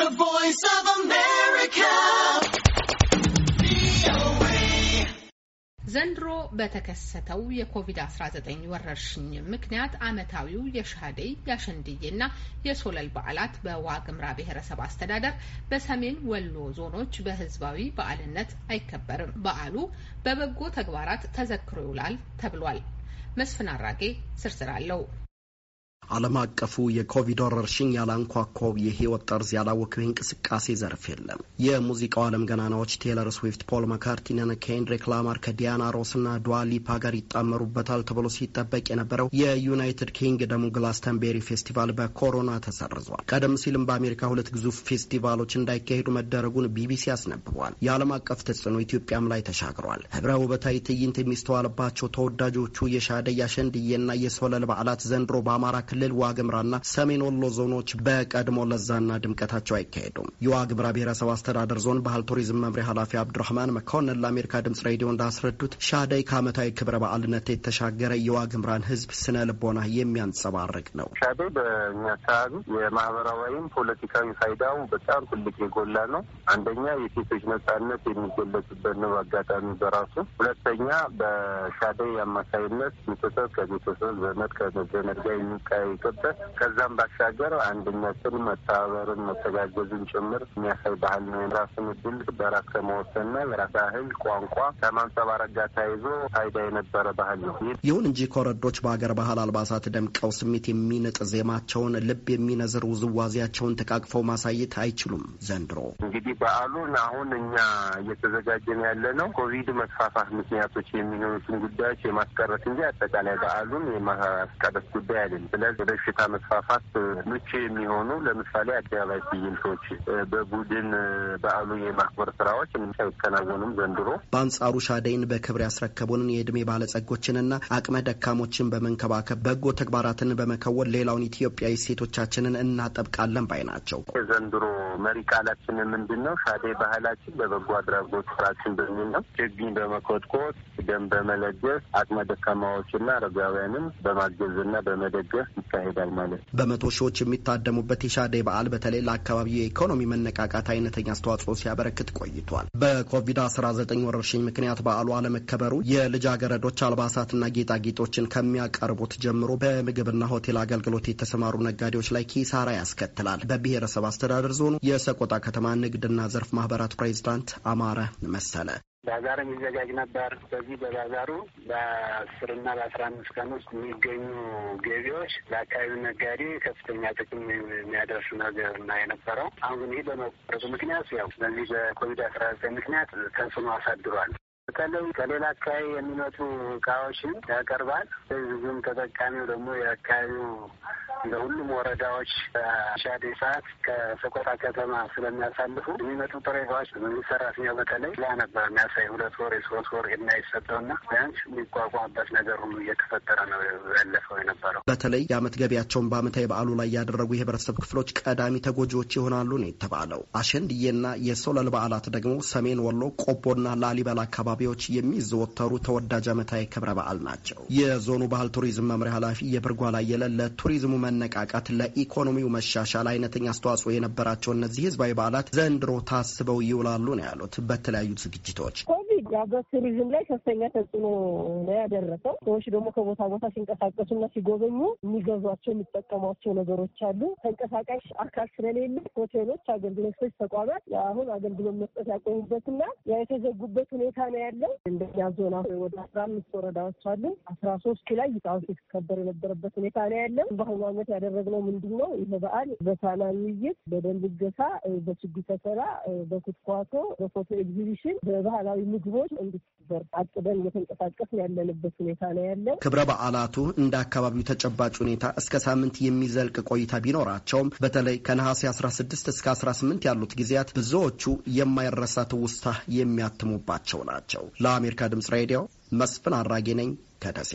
The Voice of America. ዘንድሮ በተከሰተው የኮቪድ-19 ወረርሽኝ ምክንያት ዓመታዊው የሻደይ የአሸንድዬና የሶለል በዓላት በዋግምራ ብሔረሰብ አስተዳደር በሰሜን ወሎ ዞኖች በሕዝባዊ በዓልነት አይከበርም። በዓሉ በበጎ ተግባራት ተዘክሮ ይውላል ተብሏል። መስፍን አራጌ ዝርዝር አለው። ዓለም አቀፉ የኮቪድ ወረርሽኝ ያላንኳኮው የህይወት ጠርዝ ያላወቀው እንቅስቃሴ ዘርፍ የለም። የሙዚቃው ዓለም ገናናዎች ቴይለር ስዊፍት፣ ፖል መካርቲንን፣ ኬንድሪክ ላማር ከዲያና ሮስ ዱዋ ዱዋሊፓ ጋር ይጣመሩበታል ተብሎ ሲጠበቅ የነበረው የዩናይትድ ኪንግ ኪንግደሙ ግላስተንቤሪ ፌስቲቫል በኮሮና ተሰርዟል። ቀደም ሲልም በአሜሪካ ሁለት ግዙፍ ፌስቲቫሎች እንዳይካሄዱ መደረጉን ቢቢሲ አስነብቧል። የዓለም አቀፍ ተጽዕኖ ኢትዮጵያም ላይ ተሻግሯል። ህብረ ውበታዊ ትዕይንት የሚስተዋልባቸው ተወዳጆቹ የሻደይ ና የሶለል በዓላት ዘንድሮ በአማራ ክልል ክልል ዋግምራና ሰሜን ወሎ ዞኖች በቀድሞ ለዛና ድምቀታቸው አይካሄዱም። የዋግምራ ብሔረሰብ አስተዳደር ዞን ባህል ቱሪዝም መምሪያ ኃላፊ አብዱራህማን መኮንን ለአሜሪካ ድምጽ ሬዲዮ እንዳስረዱት ሻደይ ከዓመታዊ ክብረ በዓልነት የተሻገረ የዋግምራን ህዝብ ስነ ልቦና የሚያንጸባርቅ ነው። ሻደይ በእኛ አካባቢ የማህበራዊም ፖለቲካዊ ፋይዳው በጣም ትልቅ የጎላ ነው። አንደኛ የሴቶች ነጻነት የሚገለጽበት ነው አጋጣሚ በራሱ ሁለተኛ በሻደይ አማካይነት ቤተሰብ ከቤተሰብ ዘመድ ከዘመድ ጋር የሚቃይ ተቀምጦበት ከዛም ባሻገር አንድነትን፣ መተባበርን፣ መተጋገዝን ጭምር የሚያሳይ ባህል ነው። ራስን እድል በራስ ከመወሰንና በራስ ባህል ቋንቋ ከማንጸባረቅ ጋር ተያይዞ ፋይዳ የነበረ ባህል ነው። ይሁን እንጂ ኮረዶች በሀገር ባህል አልባሳት ደምቀው ስሜት የሚንጥ ዜማቸውን፣ ልብ የሚነዝር ውዝዋዜያቸውን ተቃቅፈው ማሳየት አይችሉም። ዘንድሮ እንግዲህ በዓሉን አሁን እኛ እየተዘጋጀን ያለ ነው ኮቪድ መስፋፋት ምክንያቶች የሚሆኑትን ጉዳዮች የማስቀረት እንጂ አጠቃላይ በዓሉን የማስቀረት ጉዳይ አይደለም። ስለዚህ በሽታ መስፋፋት ምቹ የሚሆኑ ለምሳሌ አደባባይ ትዕይንቶች፣ በቡድን በዓሉ የማክበር ስራዎች አይከናወኑም ዘንድሮ። በአንጻሩ ሻደይን በክብር ያስረከቡንን የእድሜ ባለጸጎችንና አቅመ ደካሞችን በመንከባከብ በጎ ተግባራትን በመከወን ሌላውን ኢትዮጵያዊ ሴቶቻችንን እናጠብቃለን ባይ ናቸው። የዘንድሮ መሪ ቃላችን ምንድን ነው? ሻደይ ባህላችን በበጎ አድራጎት ስራችን በሚል ነው። ችግኝ በመኮትኮት ደም በመለገስ አቅመ ደካማዎችና አረጋውያንም በማገዝና በመደገፍ ይካሄዳል ማለት ነው። በመቶ ሺዎች የሚታደሙበት የሻዴ በዓል በተለይ ለአካባቢ የኢኮኖሚ መነቃቃት አይነተኛ አስተዋጽኦ ሲያበረክት ቆይቷል። በኮቪድ-19 ወረርሽኝ ምክንያት በዓሉ አለመከበሩ የልጃገረዶች አልባሳትና ጌጣጌጦችን ከሚያቀርቡት ጀምሮ በምግብና ሆቴል አገልግሎት የተሰማሩ ነጋዴዎች ላይ ኪሳራ ያስከትላል። በብሔረሰብ አስተዳደር ዞኑ የሰቆጣ ከተማ ንግድና ዘርፍ ማህበራት ፕሬዚዳንት አማረ መሰለ ባዛር የሚዘጋጅ ነበር። በዚህ በባዛሩ በአስርና በአስራ አምስት ቀን ውስጥ የሚገኙ ገቢዎች ለአካባቢው ነጋዴ ከፍተኛ ጥቅም የሚያደርሱ ነገር ና የነበረው አሁን ይህ በመቆረጡ ምክንያት ያው በዚህ በኮቪድ አስራ ዘጠኝ ምክንያት ተጽዕኖ አሳድሯል። በተለይ ከሌላ አካባቢ የሚመጡ እቃዎችን ያቀርባል። ብዙም ተጠቃሚው ደግሞ የአካባቢው በሁሉም ወረዳዎች በአሻዴ ሰዓት ከሰቆጣ ከተማ ስለሚያሳልፉ የሚመጡ ጥሬዎች መንግስት ሰራተኛው በተለይ ያ ነበር የሚያሳይ ሁለት ወር የሶስት ወር ና ቢያንስ የሚቋቋምበት ነገር ሁሉ እየተፈጠረ ነው ያለፈው የነበረው። በተለይ የአመት ገቢያቸውን በአመታዊ በዓሉ ላይ ያደረጉ የህብረተሰብ ክፍሎች ቀዳሚ ተጎጂዎች ይሆናሉ ነው የተባለው። አሸንድዬና የሶለል በዓላት ደግሞ ሰሜን ወሎ ቆቦና ላሊበላ አካባቢዎች የሚዘወተሩ ተወዳጅ አመታዊ ክብረ በዓል ናቸው። የዞኑ ባህል ቱሪዝም መምሪያ ኃላፊ የብርጓ ላየለ ለቱሪዝሙ መነቃቃት ለኢኮኖሚው መሻሻል አይነተኛ አስተዋጽኦ የነበራቸው እነዚህ ህዝባዊ በዓላት ዘንድሮ ታስበው ይውላሉ ነው ያሉት በተለያዩ ዝግጅቶች ያው በቱሪዝም ላይ ከፍተኛ ተጽዕኖ ነው ያደረሰው። ሰዎች ደግሞ ከቦታ ቦታ ሲንቀሳቀሱና ሲጎበኙ የሚገዟቸው የሚጠቀሟቸው ነገሮች አሉ። ተንቀሳቃሽ አካል ስለሌለ ሆቴሎች፣ አገልግሎቶች፣ ተቋማት አሁን አገልግሎት መስጠት ያቆሙበትና የተዘጉበት ሁኔታ ነው ያለው። እንደኛ ዞና ወደ አስራ አምስት ወረዳዎች አሉ። አስራ ሶስቱ ላይ ጣዖት የተከበር የነበረበት ሁኔታ ነው ያለው። በአሁኑ ዓመት ያደረግነው ምንድን ነው? ይህ በዓል በሳና ውይይት፣ በደንብ ገሳ፣ በችግኝ ተከላ፣ በኩትኳቶ፣ በፎቶ ኤግዚቢሽን፣ በባህላዊ ምግቦ ሰዎች እንዲበር አቅደን እየተንቀሳቀስ ያለንበት ሁኔታ ነው ያለው። ክብረ በዓላቱ እንደ አካባቢው ተጨባጭ ሁኔታ እስከ ሳምንት የሚዘልቅ ቆይታ ቢኖራቸውም በተለይ ከነሐሴ 16 እስከ 18 ያሉት ጊዜያት ብዙዎቹ የማይረሳ ትውስታ የሚያትሙባቸው ናቸው። ለአሜሪካ ድምጽ ሬዲዮ መስፍን አራጌ ነኝ ከደሴ።